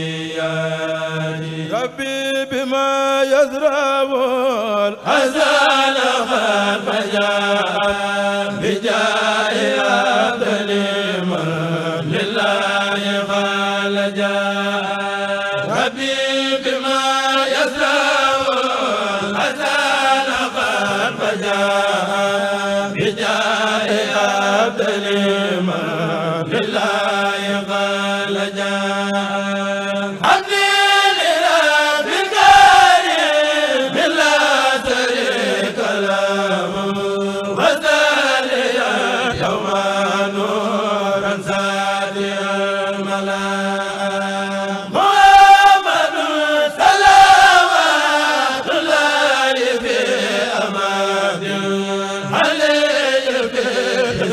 ربي بما يزرع الأزال فجاء بجاه عبد من لله قال جاء ربي بما يزرع الأزال فجاء بجاه عبد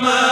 rahman